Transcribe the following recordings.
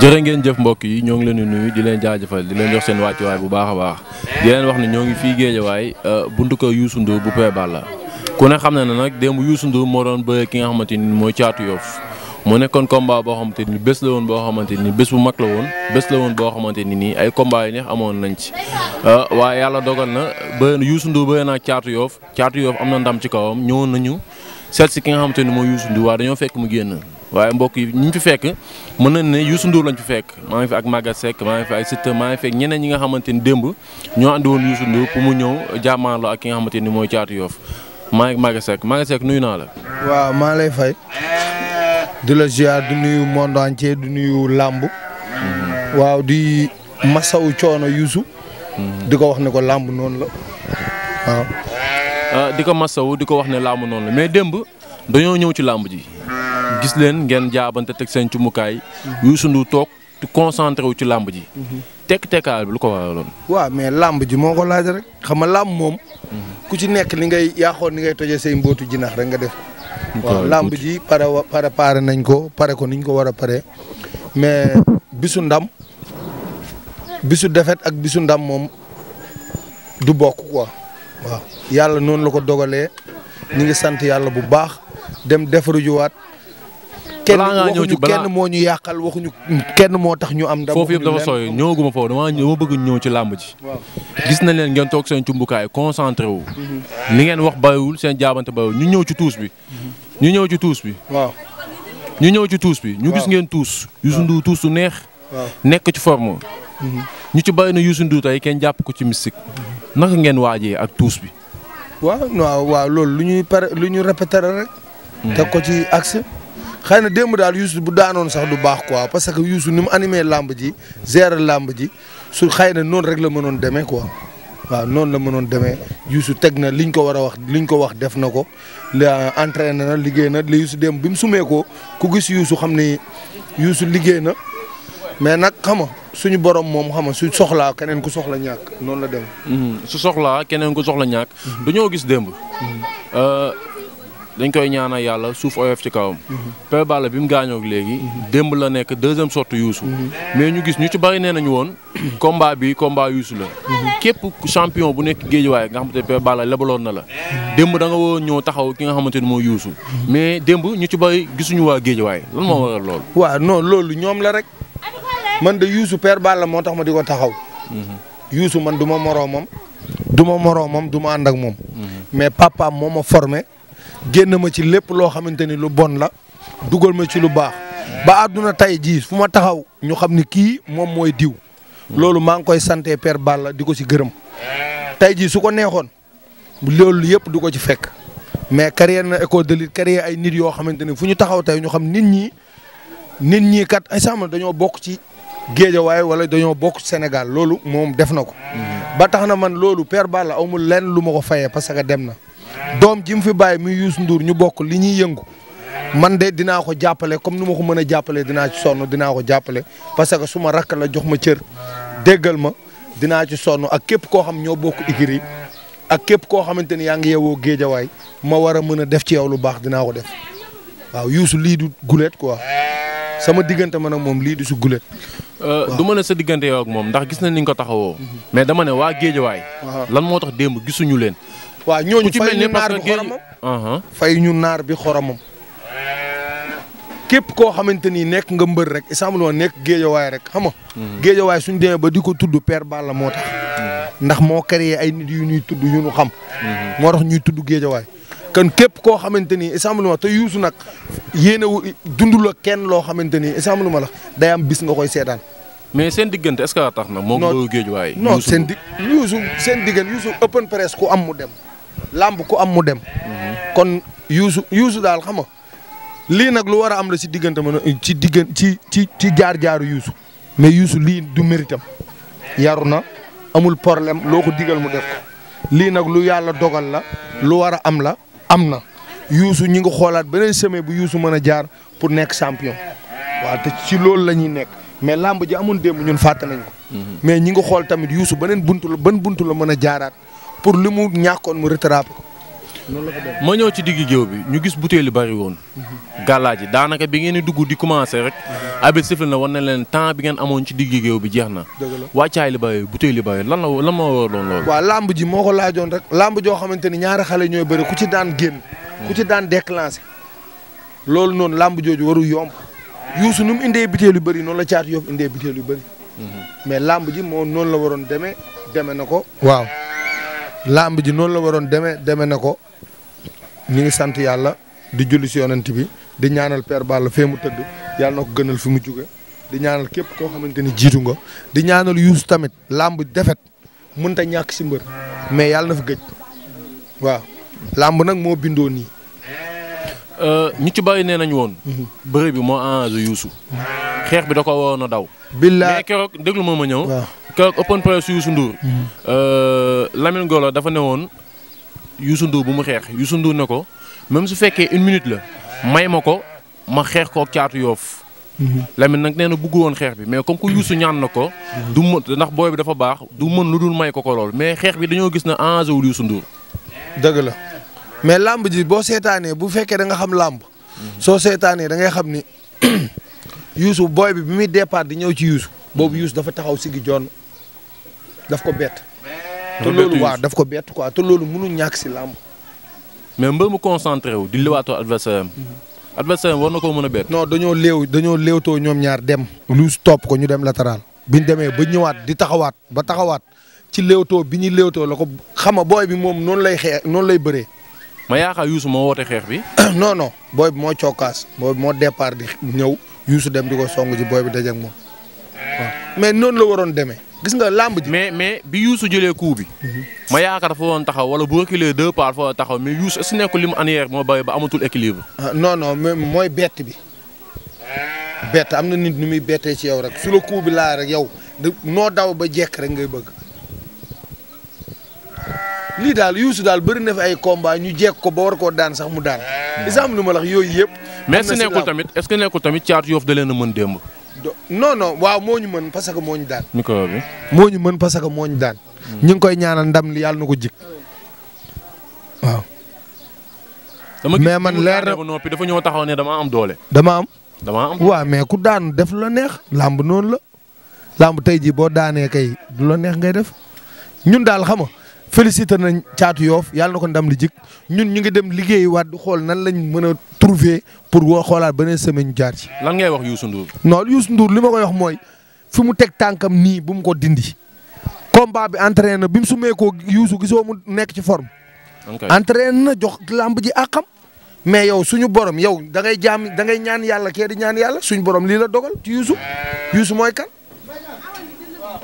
jëre ngeen jëf mbokk yi ñoo ngi leen di nuyu di leen jaajëfal di leen jox seen wàccuwaay bu baax a baax di leen wax na ñoo ngi fii géejawaay euh, buntu ko Youssou Ndour bu Pape Balla ku ne xam na ne nag démb Youssou Ndour moo doon bëre ki nga xamante ni mooy caatu Yoff mu nekkoon combat boo xamante ni bés la woon boo xamante ni bés bu mag la woon bés la woon boo xamante ni nii ay combat yu neex amoon nañ ci euh, waaye yàlla dogal na bëre na Youssou bëre naa caatu Yoff caatu Yoff am na ndam ci kawam ñëwoon nañu seet si ki nga xamante ni mooy Youssou Ndour dañoo fekk mu génn waaye mbokk yi ñu fi fekk mën na ne Youssou Ndour lañ fi fekk maa ngi fi ak Maguette Seck maa ngi fi ay Siteu maa ngi fekk ñeneen ñi nga xamante ni démb ñoo andi woon Youssou Ndour pour mu ñëw jàmmaarloo ak ki nga xamante ni mooy Thiatou Yoff maa ngi Maguette Seck Maguette Seck nuyu naa la. waaw maa lay fay. di la ziar di nuyu monde entier di nuyu làmb. Mm-hmm. waaw di masawu coono Youssou. Mm-hmm. di ko wax ne ko làmb noonu la waaw. Ah, di ko masawu di ko wax ne làmb noonu la mais démb dañoo ñëw ci làmb ji. gis leen ngeen jaabante teg seen cumukaay. Youssou Ndour toog te concentré wu ci làmb ji. tekk tekkaal bi lu ko waraloon. waaw mais làmb ji moo ko laaj rek xam nga làmb moom. ku ci nekk li ngay yaaxoon ni ngay tojee say mbootu jinax rek nga def. waaw làmb ji pare pare nañ ko pare ko niñ ko war a pare mais bisu ndam bisu defet ak bisu ndam moom du bokk quoi. waaw yàlla noonu la ko dogalee ñu ngi sant yàlla bu baax dem defaru juwaat balaa ngaa ñëw ci balaa kenn moo ñu yàqal waxuñu kenn moo tax ñu am ndam foofu yëpp dafa sooy ñëwaguma foofu dama dama bëgg ñëw ci làmb ji gis nañ leen ngeen toog seen cumbukaay concentré wu li mm-hmm. ngeen wax bàyyiwul seen jaabante bàyyiwul ñu ñëw ci tuus bi mm-hmm. ñu ñëw ci tuus bi waaw ñu ñëw ci tuus bi ñu gis ngeen tuus Youssou Ndour tuus su neex nekk ci forme mm-hmm. ñu ci bàyyi na Youssou Ndour tey kenn jàpp ko ci mystique naka ngeen waajee ak tuus bi waaw waaw loolu lu ñuy pare lu ñu répété rek mm. teg ko ci acc xëy na démb daal Youssou bu daanoon sax du baax quoi parce que Youssou ni mu animé làmb ji gérer làmb ji su xëy na noonu rek la mënoon demee quoi waaw noonu la mënoon demee Youssou teg na li liñ ko war a wax liñ ko wax def na ko la entraîné na liggéey na li Youssou démb bi mu sumee ko ku gis Youssou xam ni Youssou liggéey na mais nag xam nga suñu borom moom xam nga su soxlaa keneen ku soxla ñàkk noonu la dem. Mhm. su soxlaa keneen ku soxla ñàkk. Mhm. dañoo gis démb. Mhm. Euh, dañ koy ñaanal yàlla suuf oyof ci kawam. Père Balla bi mu gaañoo ak léegi. démb la nekk deuxième sortie Youssou. mais ñu gis ñu ci bari nee nañu woon. combat bi combat Youssou la. képp champion bu nekk géej waaye nga xamante ne Père Balla lebaloon na la. démb danga nga ñëw taxaw ki nga xamante ni mooy Youssou. mais démb ñu ci bari gisuñu waa géejuwaay lan moo waral loolu. waa non loolu ñoom la rek man de per Père la moo tax ma di ko taxaw. Youssou man du ma moroomam. du ma moroomam du ma ànd ak moom. Mhm. formé. génn ma ci lépp loo xamante ni lu bon la dugal ma ci lu baax ba àdduna tey jii fu ma taxaw ñu xam ni kii moom mooy diw loolu maa ngi koy sante Père Balla di ko ci gërëm tey jii su ko neexoon loolu yëpp du ko ci fekk mais carrière na école de lutte carrière ay nit yoo xamante ni fu ñu taxaw tey ñu xam nit ñi nit ñi kat ensemble dañoo bokk ci waaye wala dañoo bokk Sénégal loolu moom def na ko mm-hmm. ba tax na man loolu per baal la amul lenn lu ma ko fayee parce que dem na doom ji mu fi baay muy Youssou nduur ñu bokk li ñuy yëngu man de dinaa ko jàppale comme ni ma ko mën a jàppale dinaa ci sonn dinaa ko jàppale parce que su rakk la jox ma cër déggal ma dinaa ci sonn ak képp koo xam ñoo bokk igri ak képp koo xamante ni yaa ngi yeewoo géejawaay ma war a mën a def ci yow lu baax dinaa ko def waaw Youssou lii du guleet quoi sama diggante man nag moom lii di su gulet. Euh, du ma ne sa diggante yow ak moom ndax gis na ni nga ko taxawoo. mais dama ne waa Géejawaay. lan moo tax démb gisuñu leen. waa ñooñu fay ñu naar bi xoromam uh-huh. fay ñu naar bi xoromam. képp koo xamante ni nekk nga mbër rek isambloo nekk géejawaay rek xam nga. Mm-hmm. géejawaay suñu demee ba di ko tudd Père Balla moo tax. Mm-hmm. ndax moo créé ay nit yu ñuy tudd yu ñu xam. Mm-hmm. moo tax ñuy tudd géejawaay. kon képp koo xamante ni assemblement te yuusu nag yéene wu dundul ak kenn loo xamante ni ma la day am bis nga koy seetaan. mais seen diggante est-ce na. moo ngi géej waaye. non seen di seen diggante yuusu open press ku am mu dem. làmb ku am mu dem. kon yuusu yuusu daal xam nga lii nag lu war a am la si diggante ma ci diggan ci ci ci jaar jaaru yuusu mais yuusu lii du méritam yaru na amul poroblème loo ko digal mu def ko lii nag lu yàlla dogal la lu war a am la. am na yuusu ñi nga xoolaat beneen semaine bu yuusu mën a jaar pour nekk champion waaw te ci loolu la ñuy nekk mais làmb ji amoon démb ñun fàtte nañ mhm. mais ñi nga xool tamit yuusu beneen buntu la ban buntu la mën a jaaraat pour li mu ñàkkoon mu rattrapé ko. ma ñëw ci digg géew bi ñu gis butéel yi bari woon. gàllaa ji daanaka bi ngeen di dugg di commencé rek. abit sifle na war na leen temps bi ngeen amoon ci digg géew bi jeex na. wàccaay li bari butéel yi bari lan la lan ma war doon làmb ji moo ko laajoon rek. joo xamante ni ñaari xale ñooy bëri ku ci daan génn. ku ci daan déclenché. loolu noonu làmb jooju waru yomb. yuusu nu mu indee butéel yu bëri noonu la caatu yoof indee butéel yu bëri. Mhm. mais làmb ji moo noonu la waroon demee deme na ko. waaw làmb ji noonu la waroon demee deme na ko ñu ngi sant yàlla di julli si yonent bi di ñaanal per Balla fee mu tëdd yàlla na ko gënal fi mu jóge di ñaanal képp koo xamante ni jiitu nga di ñaanal Youssou tamit làmb defet mun a ñàkk si mbër mais yàlla na fa gëj waaw làmb nag moo bindoo nii. Euh, ñu ci bàyyi nee nañ woon. Mhm. bëre bi moo arrangé Youssou. xeex bi da ko waroon a daw. billaay mais keroog déglu moom ma ñëw. waaw keroog open press Youssou Ndour. Mhm. Euh, Lamine Golo dafa ne woon. Youssou Ndour bu mu xeex Youssou Ndour ne ko même su fekkee une minute la may ma ko ma xeex ko caatu yoof mhm. Lamine nag nee na bëggu woon xeex bi mais comme que Youssou ñaan na ko. du mën ndax booy bi dafa baax du mën lu dul may ko ko lool mais xeex bi dañoo gis ne enjeu wul Youssou Ndour. dëgg la mais làmb ji boo seetaanee bu fekkee da nga xam làmb. soo seetaanee da ngay xam ni Youssou booy bi bi muy départ di ñëw ci Youssou. boobu Youssou dafa taxaw sigi joon daf ko bett. te loolu waa daf ko bett quoi te loolu mënul ñàkk si làmb mais mbër mu concentré wu di lewaatoo adversaire am mhm. adversaire am war na koo mën a bett non dañoo léew dañoo léewtoo ñoom ñaar dem lu topp ko ñu dem bi biñ demee ba ñëwaat di taxawaat ba taxawaat ci léewtoo bi ñuy léewtoo la ko xama booy bi moom noonu lay xeex noonu lay bëree ma yaakaar Youssou moo woote xeex bi non booy bi moo cokkaas moo départ di ñëw Youssou dem di ko song ci booy bi dajeeg moom ah. mais noonu la waroon demee gis nga làmb ji. mais mais bi Youssou jëlee coup bi. ma yaakaar dafa doon taxaw wala bu reculer deux pas dafa taxaw mais Youssou su nekkul li mu arrière moo bëri ba amatul équilibre. Ah, non non mooy bett bi bett am na nit nu muy bettee ci yow rek su la coup bi laa rek yow noo daw ba jekk rek ngay bëgg. lii daal Youssou daal bëri na fi ay combat ñu jekk ko ba war koo daan sax mu daan. exemple lu ma lax yooyu yëpp. mais su nekkul tamit est-ce que nekkul tamit caatu yoof da leen mën démb. non non waaw moo ñu mën parce que moo ñu daan. micro bi. moo ñu mën parce que mooñu ñu daan. ñu ngi koy ñaanal ndam li yàlla na ko jig waaw. mais man leer na noppi dafa ñëw taxaw ne dama am doole. dama am. dama am waaw mais ku daan def lu la neex. làmb noonu la làmb tey jii boo daanee kay du la neex ngay def ñun daal xam nga félicité nañ caatu yoof yàlla na ko ndam li ñun ñu ngi dem liggéeyi waat di xool nan lañ mën a trouver pour woo xoolaat beneen semaine ñu jaar ci. lan ngay wax Youssou Ndour. non Youssou Ndour li ma koy wax mooy fi mu teg tànkam nii bu mu ko dindi combat bi entraîné na bi mu sumee koo Youssou gisoo mu nekk ci forme. entraîné na jox lamb ji àqam. mais yow suñu borom yow da ngay jaam da ngay ñaan yàlla kee di ñaan yàlla suñu borom lii la dogal ci Youssou Youssou mooy kan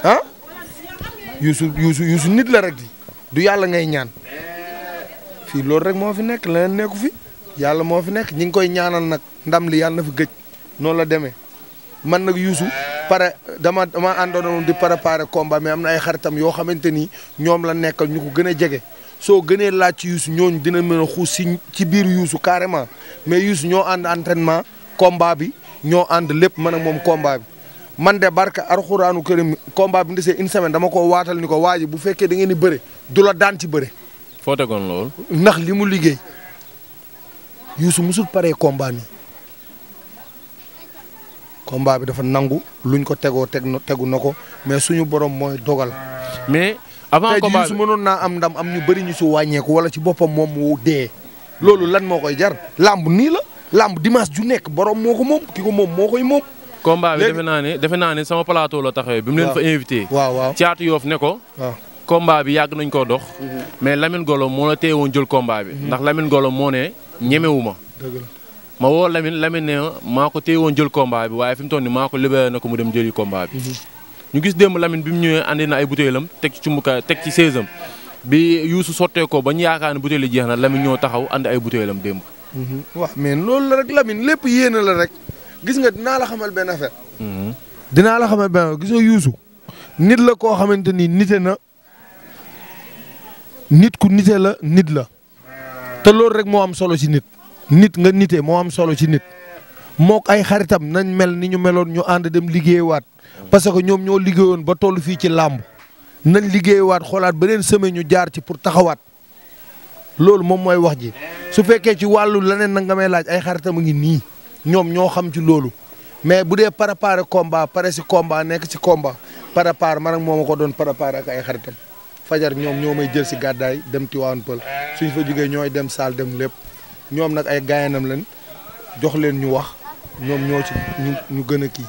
ah Youssou Youssou Youssou nit la rek di du yàlla ngay ñaan fii loolu rek moo fi nekk leneen nekku fi yàlla moo fi nekk ñi ngi koy ñaanal nag ndam li yàlla na fi gëj noonu la demee man nag Youssou pare dama dama àndoon di préparer combat mais am na ay xaritam yoo xamante ni ñoom la nekkal ñu ko gën a jege soo gënee laaj ci Youssou ñooñu dina mën a xuus si ci biir Youssou carrément mais Youssou ñoo ànd entrainement combat bi ñoo ànd lépp man a moom combat bi man de barka arxuraanu kërim combat bi ndesee une semaine dama ko waatal ni ko waa bu fekkee da ngeen di bëre du la daan ci bëre. foo tegoon loolu. ndax li mu liggéey Youssou musul paree combat nii combat bi dafa nangu luñ ko tegoo teg na tegu na ko mais suñu borom mooy dogal. mais avant combat bi su mënoon naa am ndam am ñu bëri ñu si wàññeeku wala ci boppam moom mu dee. loolu lan moo koy jar làmb nii la làmb dimanche ju nekk borom moo ko moom ki ko moom moo koy moom. combat bi defe naa ne defe naa ne sama plateau la taxawee. bi mu leen fa invité. waaw waaw caatu yoof ne ko. waaw bi yàgg nañ ko dox. Mhm. mais lamin Golo moo la teewoon jël combat bi. Mhm. ndax Lamine Golo moo ne ñemewu ma. ma woo Lamine Lamine ne maa ko teewoon jël bi waaye fi mu toll nii maa ko libéré na ko mu dem jëli combat bi. Mhm. ñu gis démb lamin bi mu ñëwee andi na ay butéelam teg ci cumbukaay teg ci seesam bi yuusu sottee ko ba ñu yaakaar ne butéel yi jeex na Lamine ñoo taxaw andi ay butéelam démb. wax mais loolu la rek Lamine lépp yéene la rek. gis nga dinaa la xamal benn affaire. Mhm. dinaa la xamal benn gis nga Youssou nit la koo xamante ni nite na nit ku nite la nit la te loolu rek moo am solo ci nit nit nga nite moo am solo ci nit mook ay xaritam nañ mel ni ñu meloon ñu ànd dem liggéeyawaat parce que ñoom ñoo liggéeyoon ba toll fii ci làmb nañ liggéeyawaat xoolaat beneen semaine ñu jaar ci pour taxawaat loolu moom mooy wax ji su fekkee ci wàllu leneen na nga may laaj ay xaritam a ngi nii. ñoom ñoo xam ci loolu mais bu dee préparer combat pare si combat nekk si combat préparer man ak moo ma ko doon préparer ak ay xaritam fajar ñoom ñoo may jël si gàddaay dem Tivaouane Peulh suñ fa jógee ñooy dem saal dem lépp ñoom nag ay gaayanam lañ jox leen ñu wax ñoom ñoo ci ñu gën a kii